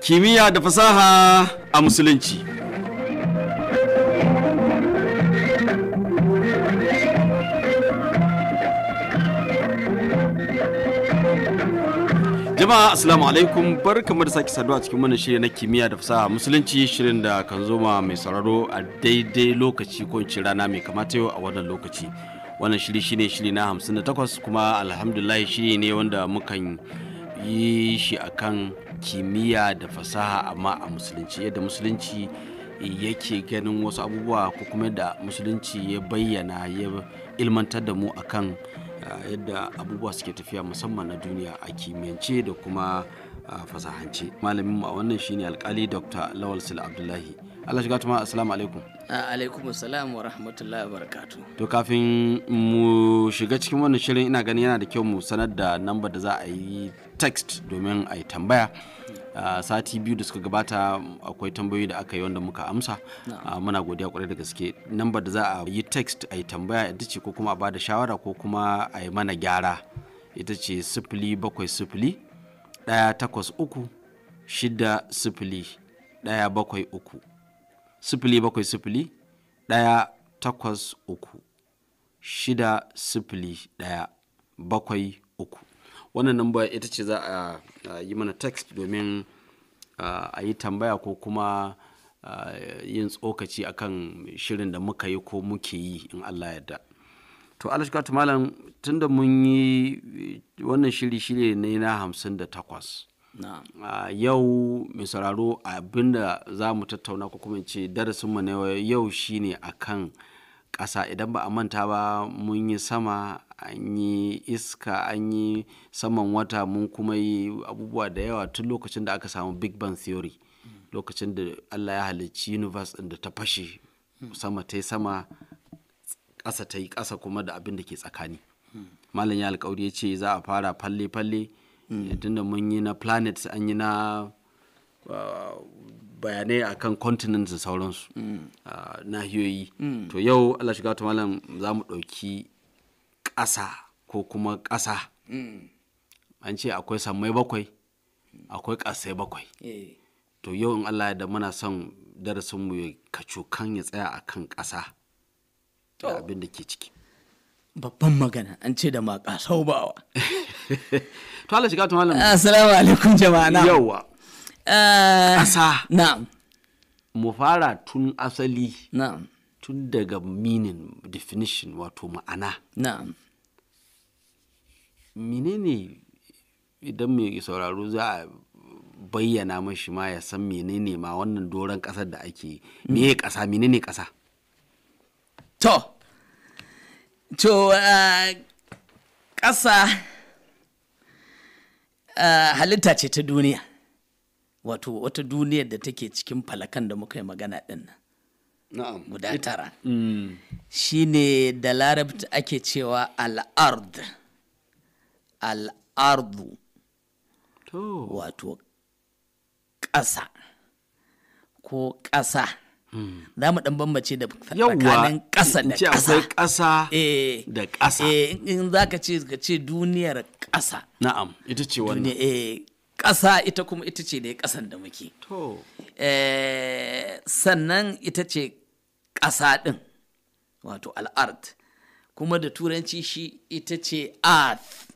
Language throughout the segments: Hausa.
Kimiyya da fasaha a Musulunci jama'a assalamu alaikum bar kamar da sake saduwa cikin wannan shirya na kimiyya da fasaha musulunci shirin da kan zo ma mai sauraro a daidai lokaci ko ce rana mai kamata yau a wannan lokaci wannan shiri shine shiri na 58 kuma alhamdulillah shiri ne wanda mukan yi shi akan kimiyya da fasaha amma a musulunci yadda musulunci yake ganin wasu abubuwa ko kuma da musulunci ya bayyana ya ilmantar da mu akan yadda abubuwa suke tafiya musamman na duniya a kimiyyance da kuma fasahance malamin a wannan shine alkali dr lawal sila abdullahi allah shiga tuma assalamu alaikum alaikum assalam wa rahmatullahi wa barakatu to kafin mu shiga cikin wannan shirin ina ganin yana da kyau mu sanar da lambar da za a yi text domin a yi tambaya a sati biyu da suka gabata akwai tambayoyi da aka yi wanda muka amsa muna godiya kwarai da gaske nambar da za a yi text a yi tambaya ita ce ko kuma a bada shawara ko kuma a yi mana gyara ita ce sifili bakwai sifili ɗaya takwas uku shida sifili ɗaya bakwai uku sifili bakwai sifili ɗaya takwas uku shida sifili ɗaya bakwai uku wannan namba ita ce za a yi mana text domin a yi tambaya ko kuma yin tsokaci akan shirin da muka yi ko muke yi in Allah yadda to alashkatu malam tunda mun yi wannan shiri shirye ne na hamsin da takwas yau mai sauraro abinda za mu tattauna ko kuma ce darasinmu na yau shine akan ƙasa idan ba a manta ba mun yi sama an yi iska an yi saman wata mun kuma yi abubuwa da yawa tun lokacin da aka samu big bang theory lokacin da allah ya halicci universe inda da ta fashe sama ta yi sama ƙasa ta yi ƙasa kuma da abin da ke tsakani malam ya alkawari ya ce za a fara falle-falle tunda mun yi na planets an yi na ah, bayanai akan continents da sauransu mm. nahiyoyi mm. to yau Allah shiga ta malam za mu ɗauki ƙasa ko kuma ƙasa mm. an ce akwai sammai bakwai akwai ƙasai bakwai eh. to yau in Allah da muna son darasinmu ya kacokan ya tsaya a kan ƙasa da abin da ke ciki babban magana an ce da ma sau bawa to Allah shiga ta malam assalamu alaikum jama'a yawa Eh, ƙasa na'am mu fara tun asali na'am tun daga meaning definition wato ma'ana na'am menene idan mai sauraro za a bayyana mashi ma ya san menene ma wannan doron ƙasar da ake mm. meye ƙasa menene ƙasa to to eh, ƙasa eh, halitta ce ta duniya wato wata duniyar da take cikin falakan da muka yi magana ɗin nan guda tara mm. shine da larabta ake cewa al'ard al'ardu wato ƙasa ko ƙasa mm. za mu ɗan bambace da tsakanin ƙasa da ƙasa. akwai ƙasa eh. da ƙasa. Eh, in za ka ce duniyar ƙasa. Na'am, ita ce wannan. Eh, ƙasa ita kuma ita ce da ƙasan da muke eh, sannan ita ce ƙasa ɗin wato al'art, kuma da turanci shi ita ce earth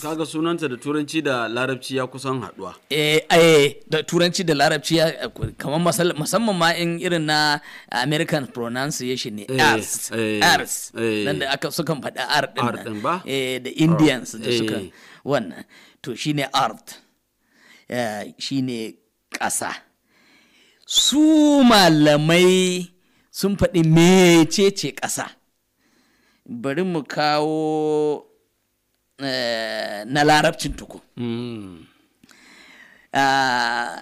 kaga sunanta da turanci da larabci ya kusan haɗuwa eh, eh da turanci da larabci ya kamar musamman ma in irin na american pronunciation ne eh, ars ars nan da aka sukan faɗa ar ɗin ba da indians da suka wannan to shine art eh, shine ƙasa su malamai sun faɗi mecece ƙasa bari mu kawo eh, na larabcin tuku mm. Ah,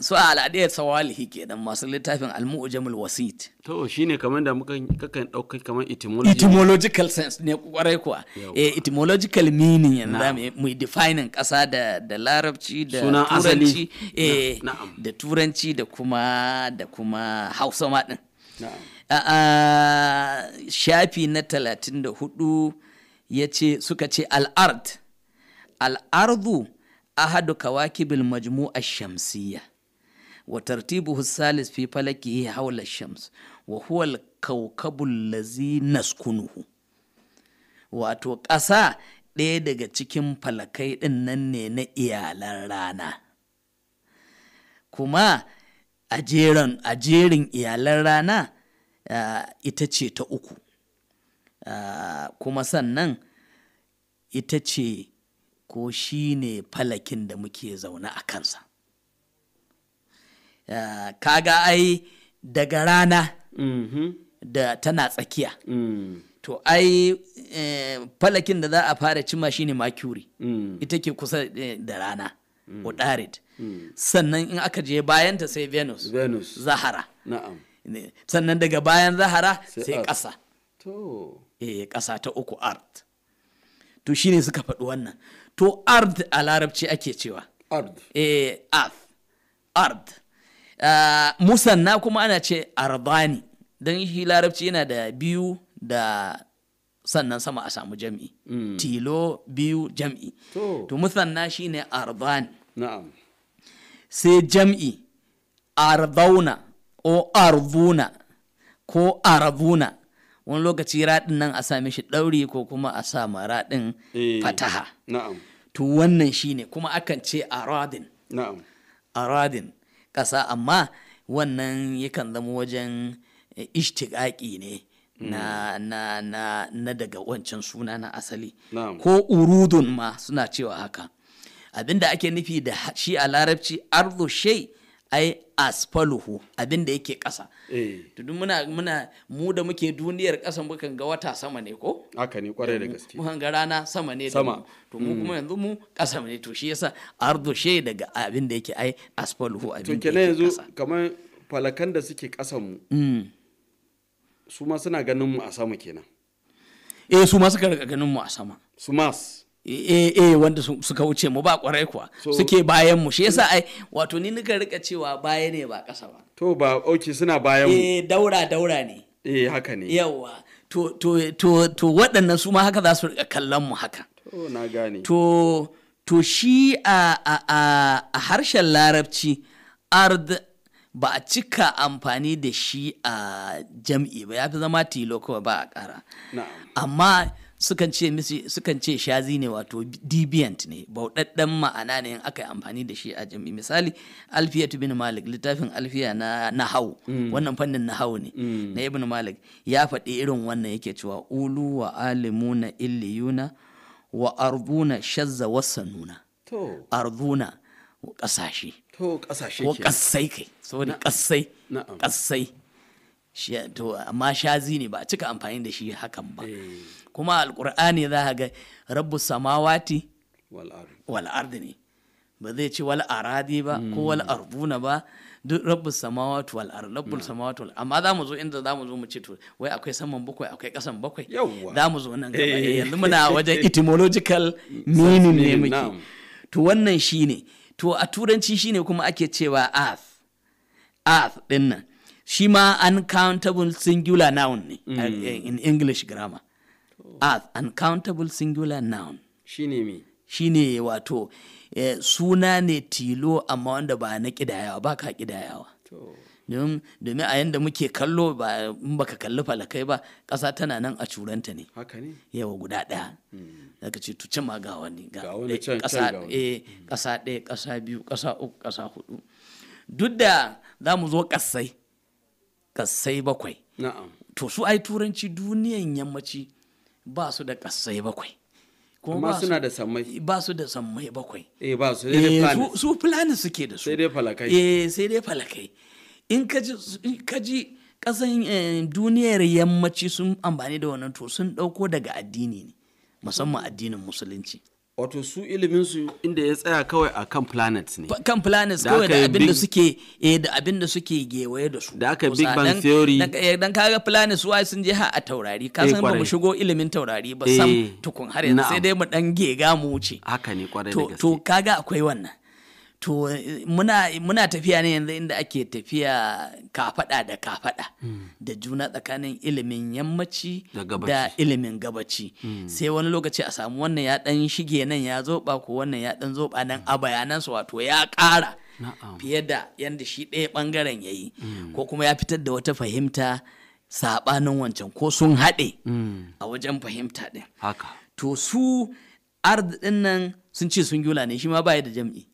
su a al'adiyar sawalihi kenan masu littafin al-mu'jamul wasit to shine kamar da muka kakan dauka kamar etymology etymological sense ne kwarai kuwa eh etymological meaning yanzu mu define kasa da da larabci da turanci eh da turanci da kuma da kuma Hausa ma din na'am ah, ah, shafi na 34 yace suka ce al-ard al-ardu ahadu kawakibil majmu'a shamsiyya wa tartibu salis fi falakihi hawla shams wa huwa al-kawkabu naskunuhu wato ƙasa ɗaya daga cikin falakai ɗin nan ne na iyalan rana kuma a jerin iyalan rana ita ce ta uku kuma sannan ita ce ko shi ne falakin da muke zaune a kansa kaga ai daga rana mm-hmm. da tana tsakiya mm. to ai eh, falakin da za a fara cima shi ne makuri. Mm. ita ke kusa eh, da rana mm. odarit mm. sannan in aka je bayanta sai venus zahara na'am sannan daga bayan zahara sai ƙasa to eh ƙasa ta uku art to shine suka faɗi wannan to ard a larabci ake cewa ard eh ard ard ah, musanna kuma ana ce arbani don shi larabci yana da biyu da sannan sama a samu jam'i mm. tilo biyu jam'i to musanna shine arbani na'am sai jam'i arbauna ko arbuna ko arbuna wani lokaci raɗin nan a sa mishi ɗauri ko kuma a sa ma raɗin eh, fataha na'am to wannan shi ne kuma akan ce aradin na'am aradin ƙasa amma wannan yakan zama wajen eh, ishtiƙaƙi ne hmm. na na na na daga wancan suna na asali ko urudun ma suna cewa haka abinda ake nufi da shi a larabci arzo shai. ai asfaluhu abin da yake ƙasa eh. tudun muna muna mu da muke duniyar ƙasa mukan ga wata sama ne ko haka ne kwarai da gaske mukan ga rana sama ne sama to mu kuma mm. yanzu mu ƙasa ne to shi yasa ardo she daga abin da yake ai asfaluhu abin da yake ƙasa yanzu kamar falakan da suke ƙasan mu mm. su ma suna ganin mu a sama kenan eh su ma suka ganin mu a sama su ma Eh, eh wanda suka wuce mu ba kwarai kuwa suke bayan mu shi yasa ai wato ni nika rika cewa baya ne ba kasa ba to ba oke suna bayan mu eh daura daura ne eh haka ne yawa to to to to waɗannan su ma haka za su rika kallon mu haka to na gane to to shi a a a harshen larabci ard ba a cika amfani da shi a jam'i ba ya fi zama tilo kuma ba a ƙara amma sukan ce misi sukan ce shazi ne wato deviant ne bauɗaɗɗen ma'ana ne in aka yi amfani da shi a jami'i misali alfiyatu bin malik littafin alfiya na nahau mm. wannan fannin nahau ne mm. na ibn malik ya faɗi irin wannan yake cewa ulu wa alimuna illiyuna wa arduna shazza wasanuna to arduna ƙasashe ƙasashe ko ƙasai kai saboda ƙasai ƙasai amma shazi ne ba a cika amfani da shi hakan ba eh. kuma alkur'ani za ka ga rabbu samawati wal ardi ne ba zai ci wal aradi ba ko wal hmm. arduna ba duk rabbu samawati wal ard rabu hmm. samawati wal amma za mu zo inda za mu zo mu ce to wai akwai saman bakwai akwai kasan bakwai za mu zo nan gaba eh. Eh, yanzu muna wajen etymological meaning ne muke to wannan shine to a turanci shine kuma ake cewa earth earth din nan shi ma uncountable singular noun ne hmm. eh, in english grammar earth uncountable singular noun shine me shine wato eh, suna ne tilo amma wanda ba na kidayawa ba ka kidayawa domin a yadda muke kallo ba in baka kalli falakai ba ƙasa tana nan a curanta ne yawa guda ɗaya daga hmm. ce tuce ma ga wani ga eh, eh, ƙasa ɗaya ƙasa biyu ƙasa uku ƙasa hudu duk da za mu zo ƙasai ƙasai bakwai to su ai turanci duniyan yammaci ba su da kasai bakwai kuma suna da sammai ba su da sammai bakwai eh ba su sai dai eh, su planet suke da su sai dai falakai eh sai dai falakai in ka ji kasan eh, duniyar yammaci sun amfani da wannan to sun ɗauko daga addini ne musamman addinin musulunci wato su iliminsu inda ya tsaya kawai a kan planets ne kan planets kawai da abin da suke eh da abin da suke gewaye da su da aka big bang theory dan eh, kaga planets wai sun je ha a taurari ka eh, san ba mu shigo ilimin taurari ba sam eh, tukun har yanzu sai dai mu dan gega mu wuce haka ne kwarai da gaske to kaga akwai wannan to muna, muna tafiya ne yanzu inda ake tafiya kafada da kafada mm. da juna tsakanin ilimin yammaci da ilimin gabaci mm. sai wani lokaci a samu wannan ya dan shige nan ya zoba ko wannan ya dan zoba nan a bayanan su wato ya ƙara fiye da yadda shi ɗaya ɓangaren ya yi hmm. ko kuma ya fitar da wata fahimta saɓanin wancan ko sun haɗe hmm. a wajen fahimta ɗin to su arzikin nan sun ce sun gula ne shi ma baya da jam'i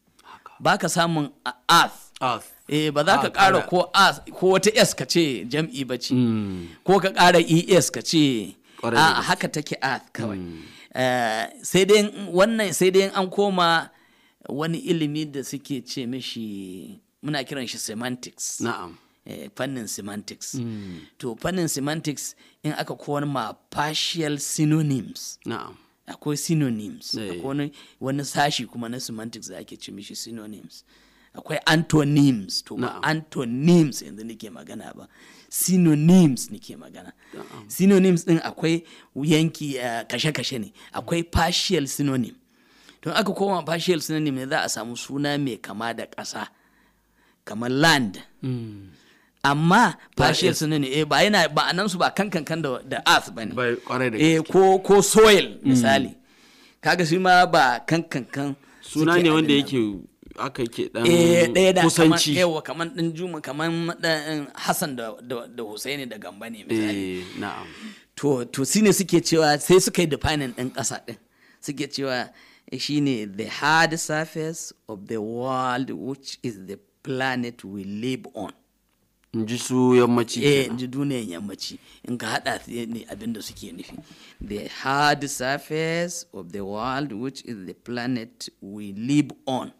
baka samun Earth. eh ba za ka ƙara ko as ko wata s ka ce jam'i ba ce hmm. ko ka ƙara es ka ce a haka take Earth kawai hmm. eh, sai dai wannan sai dai an koma wani ilimi da suke ce mishi muna kiran shi semantics na'am eh, fannin semantics hmm. to fannin semantics in aka ma partial synonyms na'am akwai synonyms eh. akwai wani sashi kuma na semantics da ake ce mishi synonyms akwai antonyms to ba antonyms yanzu nake magana ba synonyms nake magana synonyms din akwai yanki eh, kashe-kashe ne akwai partial synonym don aka koma partial synonym ne za a samu suna mai kama da ƙasa kamar land hmm. amma partial su ne eh ba yana ba anan su ba kan kan da da earth bane bai da eh ko ko soil mm. misali kaga shi ma ba kan kan kan suna ne wanda yake aka yake dan kusanci eh da kaman din juma kaman dan Hassan da da Husaini da Gamba ne misali eh na'am to to shine suke cewa sai suka yi defining din kasa din suke cewa shine the hard surface of the world which is the planet we live on in ji su yammaci eh in ji yammaci in ka hada eh, ne abin da suke nufi the hard surface of the world which is the planet we live on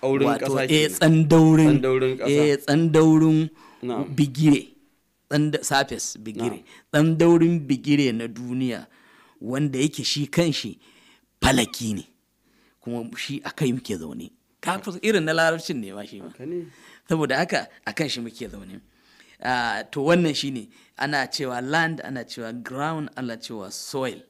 tsaurin kasa eh, eh tsandaurin eh tsandaurin bigire surface bigire tsandaurin bigire na duniya wanda yake shi kanshi falaki ne kuma shi akai muke zaune ka irin na larabcin ne ma shi ma saboda haka a kan shi muke zaune ah, to wannan shine ana cewa land ana cewa ground ana cewa soil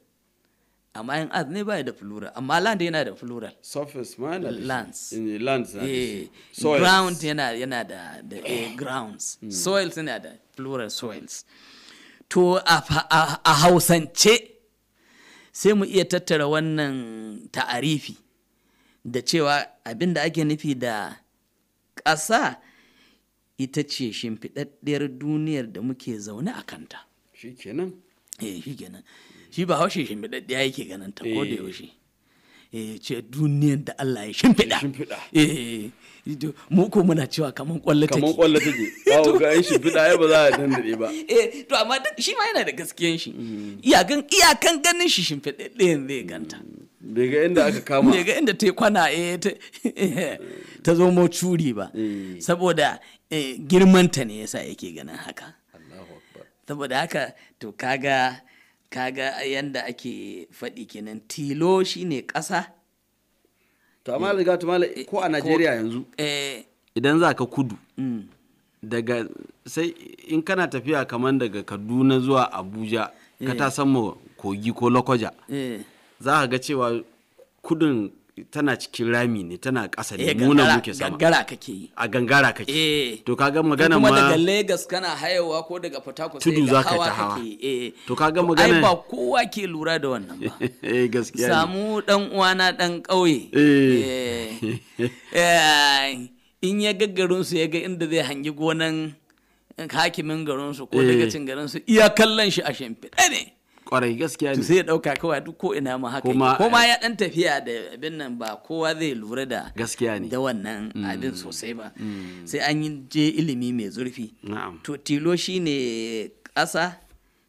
amma yin earth ne baya da plural amma land yana da plural surface ma yana lands eh, lands eh, ground yana yana da da eh, grounds hmm. soils yana da plural soils to a hausance sai mu iya tattara wannan ta'arifi da cewa abinda ake nufi da ƙasa ita ce shimfiɗaɗɗiyar duniyar da muke zaune a kanta eh, shi kenan eh shi kenan shi ba haushe shimfiɗaɗɗiya yake ganin ta ko da eh. yaushe eh ce duniyar da Allah ya shimfiɗa shimfiɗa eh mu ko muna cewa kaman kwallo take kaman kwallo take ba ga yin shimfiɗa ya ba za a dandare ba eh to amma shi ma yana da gaskiyan shi mm. iyakan ganin shi shimfiɗaɗɗiyan zai ganta mm. daga inda aka kama daga inda ta kwana eh, ta zo mo curi ba eh. saboda eh, girmanta ne yasa yake ganin haka saboda haka to kaga kaga yanda ake faɗi kenan tilo shine ƙasa to amma riga to mala ko a Najeriya yanzu idan za ka kudu mm. daga sai in kana tafiya kamar daga Kaduna zuwa Abuja ka ta san kogi ko Lokoja za a ga cewa kudin tana cikin rami ne tana ƙasa ne eh, muna muke sama gangara kake yi a gangara kake eh to kaga magana ma kuma daga Lagos kana hayawa ko daga Port Harcourt tudu za ka ta hawa eh to kaga magana ai ba kowa ke lura da wannan ba eh gaskiya samu dan uwana dan kauye eh. eh eh in ya gaggarun su ya ga inda zai hangi gonan hakimin garin su ko eh. dagacin garin su iya kallon shi a shimfiɗa ne kwarai gaskiya ne sai ya ɗauka kawai duk ko ina ma haka yi. Koma ya ɗan tafiya da abin nan ba kowa zai lura da gaskiya ne da wannan mm. abin sosai ba mm. sai an yi je ilimi mai zurfi na'am to tilo shine ƙasa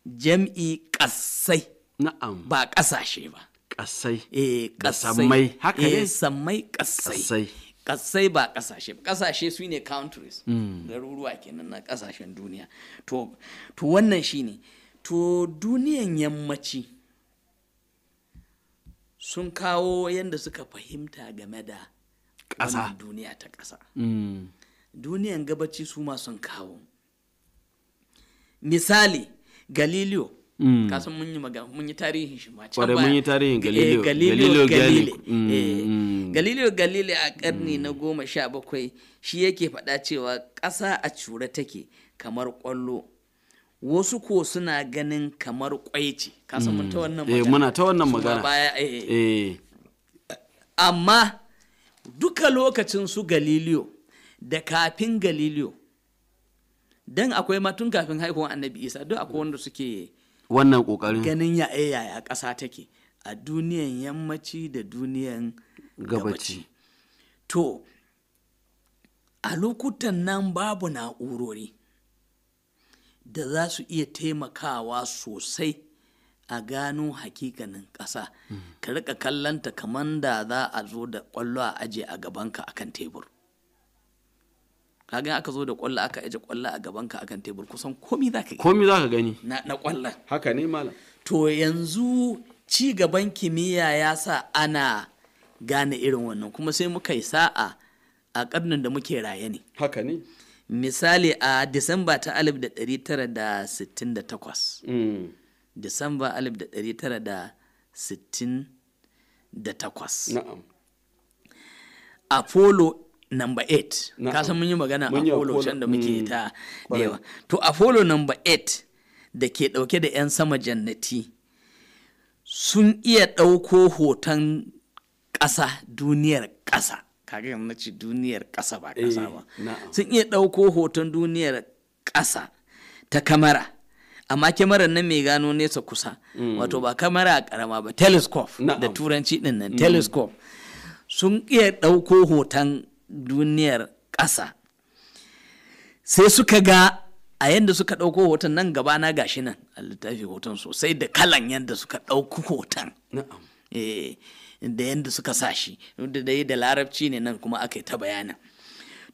jam'i ƙasai na'am ba ƙasashe ba ƙasai eh ƙasai haka ne eh, sammai ƙasai Ƙasai ba ƙasashe ba ƙasashe su ne countries mm. garuruwa kenan na ƙasashen duniya to wannan shine to duniyan yammaci sun kawo yadda suka fahimta game da ƙasa duniya ta ƙasa mm. duniyan gabaci su ma sun kawo misali galileo mm. kasan mun yi mun yi tarihin shi ma can mun yi tarihin eh, galileo galileo galile galileo mm, eh, a karni na goma sha bakwai shi yake faɗa cewa ƙasa a cure take kamar ƙwallo wasu ko suna ganin kamar kwai ce ta hmm. wannan eh, magana muna ta wannan magana eh, eh, amma duka lokacin su galileo da kafin galileo don akwai matun kafin haihuwar annabi isa duk akwai wanda suke wannan kokarin ganin ya yaya ƙasa take a duniyan yammaci da duniyan gabaci to a lokutan nan babu na'urori da za su iya taimakawa sosai a gano hakikanin ƙasa ka rika kallanta kamar da za a zo da ƙwallo a aje a gabanka akan tebur kaga aka zo da ƙwallo aka aje ƙwallo a gabanka akan tebur kusan komi za ka gani komi za ka gani na, ƙwallon haka ne malam to yanzu ci gaban kimiyya ya sa ana gane irin wannan kuma sai muka yi sa'a a ƙarnin da muke raye ne haka ne misali a disamba ta 1968 mm. disamba 1968 apollo number 8 ka san mun yi magana apollo can da muke mm. ta da yawa to apollo number 8 da ke dauke da 'yan sama jannati sun iya dauko hoton ƙasa duniyar ƙasa kage na ce duniyar kasa ba ƙasa eh, ba sun iya ɗauko hoton duniyar kasa ta kamara amma kyamarar nan mai gano nesa kusa mm. wato ba kamara a karama ba telescope da turanci din nan mm. telescope sun iya ɗauko hoton duniyar ƙasa sai suka ga a yadda suka ɗauko hoton nan gaba na gashi nan a littafi hoton sosai da kalan yadda suka ɗauko hoton Eh, da yadda suka sa shi da larabci ne nan kuma aka yi ta bayana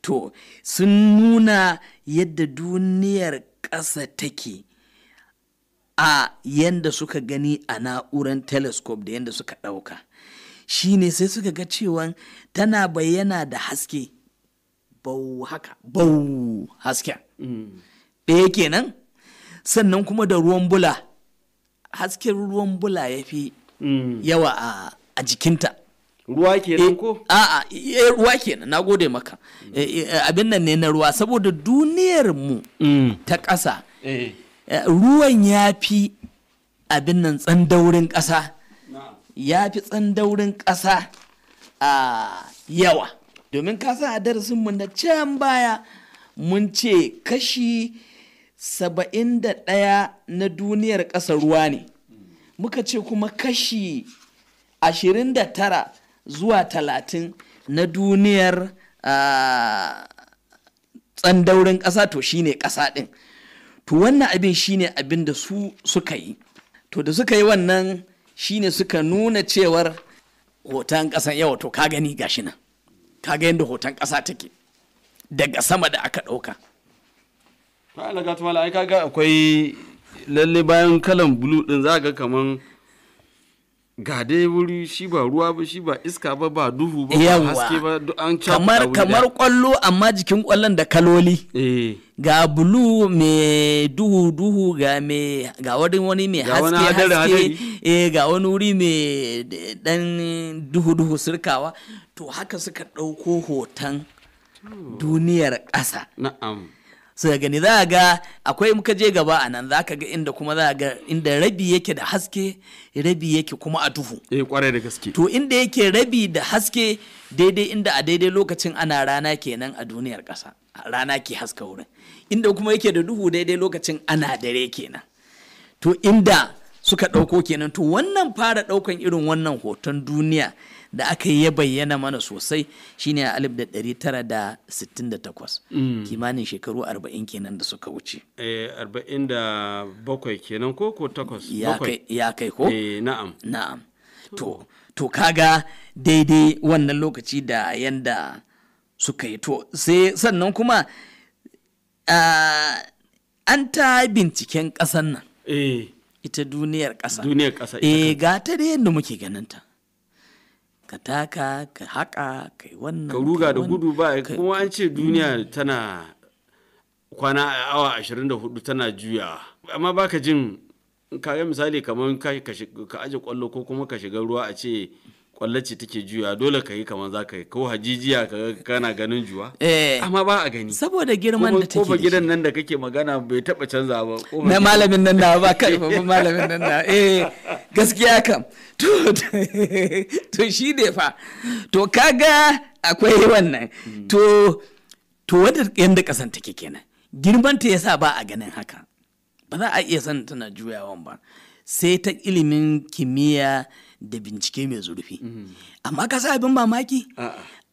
to sun nuna yadda duniyar ƙasa take a yadda suka gani a na'urar telescope da yadda suka ɗauka shine sai suka ga cewa tana bayyana da haske bau haka bau hasken ɗaya kenan sannan kuma da ruwan bula hasken ruwan bula ya fi Mm. yawa a jikinta ruwa kenan eh, ko a'a eh, ruwa kenan na gode maka mm. eh, abin nan ne na ruwa saboda duniyar mu mm. ta ƙasa ruwan ya fi abin nan tsandaurin ƙasa ya fi tsandaurin ƙasa a yawa domin kasa a darasin mu na can baya mun ce kashi saba'in da ɗaya na duniyar ƙasa ruwa ne muka ce kuma kashi 29 zuwa 30 na duniyar ah, tsandaurin ƙasa to shine ƙasa ɗin to wannan abin shine abin da su suka yi to da suka yi wannan shine suka nuna cewar hoton ƙasan yawa to ka gani gashi nan ka ga yadda hoton ƙasa take daga sama da aka ɗauka. Ka ga tumala ai kaga akwai lalle bayan kalan bulu din za ga kaman ga dai wuri shi ba ruwa ba shi ba iska ba ba duhu ba ba haske ba duk an kamar kamar kwallo amma jikin kwallon da kaloli eh. ga bulu mai duhu duhu ga me ga wani wani mai haske haske eh ga wani wuri mai dan duhu duhu surkawa to haka suka ɗauko hoton duniyar ƙasa na'am ga gani za ga akwai muka je gaba a nan za ka ga inda kuma za ga inda rabi yake da haske rabi yake kuma a duhu eh kwarai da gaske to inda yake rabi da haske daidai inda a daidai lokacin ana rana kenan a duniyar ƙasa rana ke haska wurin inda kuma yake da duhu daidai lokacin ana dare kenan to inda suka ɗauko kenan to wannan fara ɗaukan irin wannan hoton duniya da aka yi ya bayyana mana sosai shine a 1968 mm. kimanin shekaru 40 kenan da suka wuce. 47 eh, kenan ko ko 8 ya kai ko? Eh, na'am. na'am. to to kaga daidai wannan lokaci da yanda suka yi to sai sannan kuma an ta binciken ƙasan nan. Eh. ita duniyar ƙasa. Duniyar ƙasa. E ga ta da yadda muke ganin ta. ka taka ka haƙa ka yi wannan ka ruga da gudu ba kuma an ce mm. duniya tana kwana a awa 24 tana juya amma baka jin kaga misali kamar ka aje kwallo ko kuma ka shiga ruwa a ce kwallace take juya dole ka yi kamar za ka yi ko hajijiya ka kana ganin juwa eh. amma ba a gani saboda girman da take ko gidan nan da kake magana bai taba canza ba na malamin nan na ba kai ba malamin nan na eh gaskiya kam to to shi ne fa to kaga akwai wannan hmm. to to wadda yanda kasan take kenan girman ta yasa ba a ganin haka ba za a iya san tana juyawan ba sai ta ilimin kimiyya da bincike mai zurfi mhm. amma ka sa abin mamaki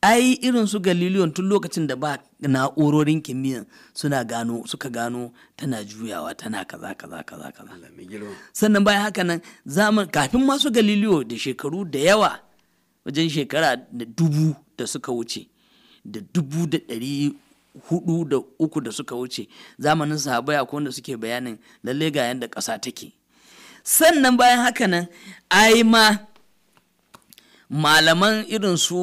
ai irin su galiliyon tun lokacin da ba na'urorin kimiyya suna gano suka gano tana juyawa tana kaza kaza kaza kaza sannan bayan haka nan zaman kafin masu galiliyo da shekaru da yawa wajen shekara da dubu da suka wuce da dubu da ɗari hudu da uku da suka wuce zamanin sahabai akwai wanda suke bayanin lalle ga yadda ƙasa take sannan bayan haka nan ai ma malaman irin su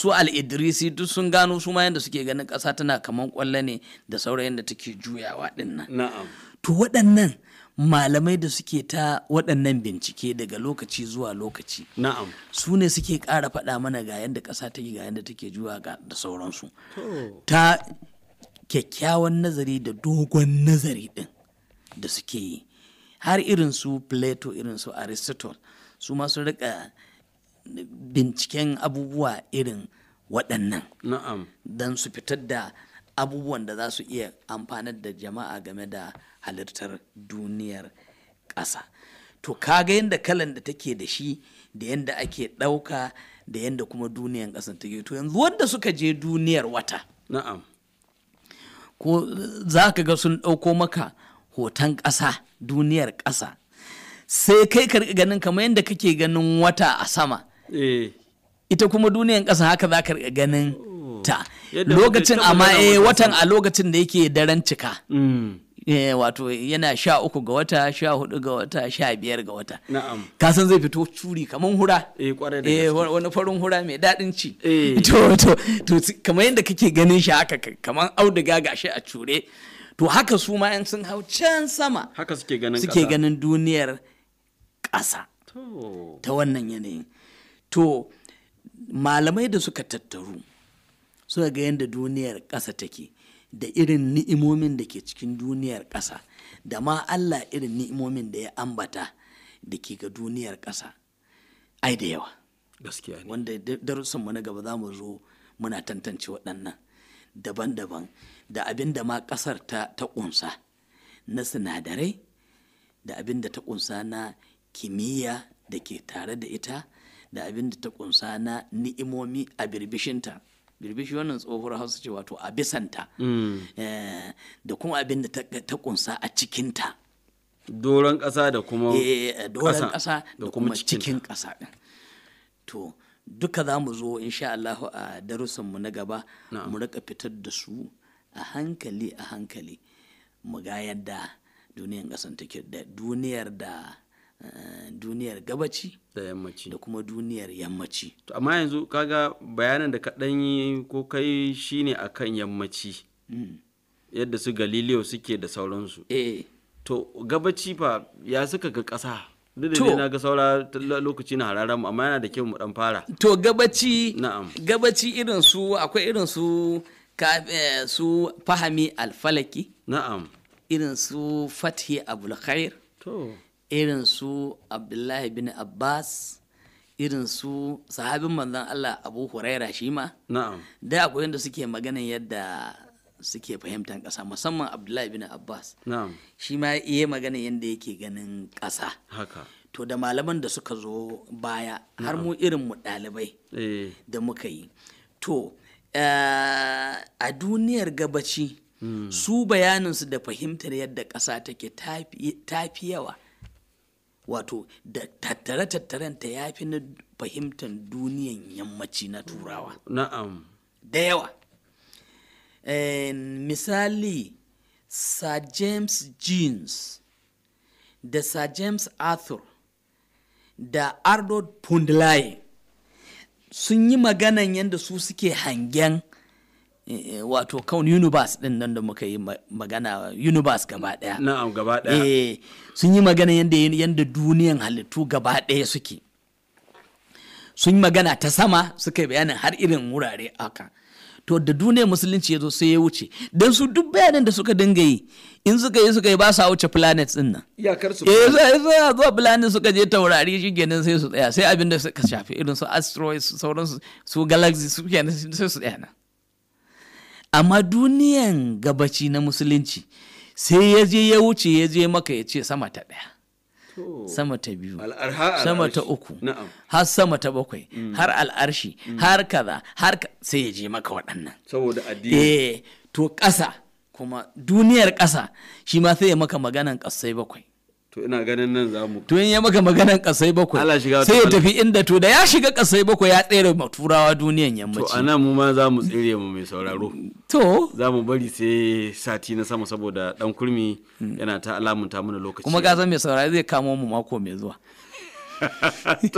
su al'idrisi duk sun gano su ma yadda suke ganin ƙasa tana kaman ƙwallo ne da saurayin da take juyawa ɗin nan to waɗannan malamai da suke ta waɗannan bincike daga lokaci zuwa lokaci na'am su ne suke ƙara faɗa mana ga yadda ƙasa take ga yadda take juwa ga da sauransu ta kyakkyawan nazari da dogon nazari ɗin da suke yi har irin su plato irin su aristotle su ma sun rika binciken abubuwa irin waɗannan don su fitar da abubuwan da za su iya amfanar da jama'a game da halittar duniyar ƙasa to kaga yadda kalan da take da shi da yadda ake ɗauka da yadda kuma duniyar ƙasa take to yanzu wanda suka je duniyar wata ko za ka ga sun ɗauko maka hoton ƙasa duniyar ƙasa sai kai ka ganin kamar yadda kake ganin wata a sama eh. ita kuma duniyar ƙasa haka za ka ganin oh. ta lokacin amma eh watan a lokacin da yake daren cika mm. eh, wato yana sha uku ga wata sha hudu ga wata sha biyar ga wata ka san zai fito curi kamar hura eh, wani farin hura mai daɗin ci to kamar yadda kake ganin shi haka kamar auduga ga shi a cure to haka su ma yan sun hau can sama haka suke ganin duniyar ƙasa ta wannan yanayin to malamai da suka tattaru suka ga yadda duniyar ƙasa take da irin ni'imomin da ke cikin duniyar ƙasa da ma Allah irin ni'imomin da ya ambata da ke ga duniyar ƙasa ai da yawa gaskiya ne mu na gaba za mu zo muna tantance waɗannan daban-daban da abin da ma ƙasar ta ta ƙunsa na sinadarai da abin da ta ƙunsa na kimiyya da ke tare da ita da abin da ta ƙunsa na ni'imomi a birbishinta birbishi wannan tsohuwar hausa ce wato a bisanta mm. eh, da kuma abin da ta ƙunsa a cikinta doron ƙasa da kuma eh, eh, ƙasa da kuma cikin ƙasa to duka za mu zo insha Allahu a mu na gaba mu rika fitar da su a hankali a hankali mu ga yadda duniyar kasan take da duniyar da eh, duniyar gabaci da yammaci da kuma duniyar yammaci to amma yanzu kaga bayanan da ka yi ko kai shine akan yammaci mm. yadda su galileo suke da sauransu eh to gabaci fa ya suka ga ƙasa duk da na ga saura lokaci na mu amma yana da kyau mu dan fara to gabaci gabaci irin su akwai irin su eh, su fahami alfalaki na'am irin su fathi khair to irin su abdullahi bin abbas irin su sahabin manzon allah abu huraira shi ma na'am da akwai yadda suke maganin yadda suke fahimtar ƙasa musamman abdullahi bin abbas shi ma iya magana yadda yake ganin ƙasa to da malaman da suka zo baya har mu irin mu ɗalibai eh. da muka yi to eh, a duniyar gabaci hmm. su bayaninsu da fahimtar yadda ƙasa take tafi yawa wato da tattare-tattaren ta yafi na fahimtar duniyan yammaci na turawa na'am da yawa misali sir james jeans da sir james arthur da arnold pundlai sun yi maganan yadda su suke hangen eh, wato kawun universe din nan da muka yi magana universe gaba daya na'am gaba daya eh, sun yi magana yadda duniyan halittu gaba daya suke sun yi magana ta sama suka yi bayanin har irin wurare haka to da duniyar musulunci ya zo sai ya wuce don su duk bayanan da suka dinga yi in suka yi suka yi ba sa wuce planet din nan iyakar su eh, Ya zo zuwa planet suka je taurari shi kenan sai su tsaya sai abin da suka shafi irin su asteroids sauran su galaxy su kenan sai su tsaya nan amma duniyan gabaci na musulunci sai ya je ya wuce ya je maka ya ce sama ta ɗaya sama ta biyu sama ta uku har sama ta bakwai mm. har al'arshi mm. har kaza har sai ya je maka waɗannan saboda addini eh to ƙasa kuma duniyar ƙasa shi ma sai ya maka maganan ƙasai bakwai to ina ganin nan za mu to in ya maka maganan kasai bakwai allah shiga sai ya tafi inda to da ya shiga kasai bakwai ya tsere ma turawa duniyan yammaci to anan mu ma za mu tsere mu mai sauraro to za mu bari sai sati na sama saboda dan kurmi yana ta alamunta mana lokaci kuma ga mai sauraro zai kamo mu mako mai zuwa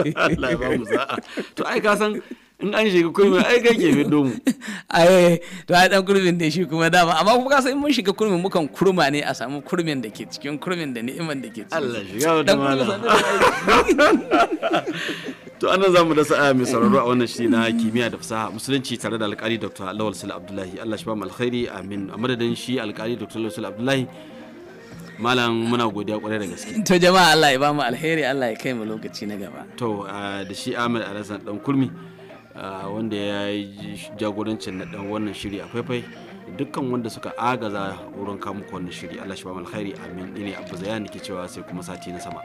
to ai ka san in an shiga kurmi ai kai ke fito mu ai to ai dan kurmin da shi kuma dama amma kuma san in mun shiga kurmin mukan kurma ne a samu kurmin da ke cikin kurmin da ni'iman da ke cikin Allah shiga wata mala to anan zamu da sa'a mai sauraro a wannan shi na kimiyya da fasaha musulunci tare da alƙali Dr. Lawal Sul Abdullahi Allah shi ba mu alkhairi amin a madadin shi alƙali Dr. Lawal Sul Abdullahi malam muna godiya kwarai da gaske to jama'a Allah ya ba mu alheri Allah ya kai mu lokaci na gaba to ah, da shi Ahmed Alhassan dan kurmi. wanda ya yi jagorancin na wannan shiri a faifai dukkan wanda suka agaza wurin kamu wannan shiri Allah shi ba alkhairi amin ne abu zayani ke cewa sai kuma sati na sama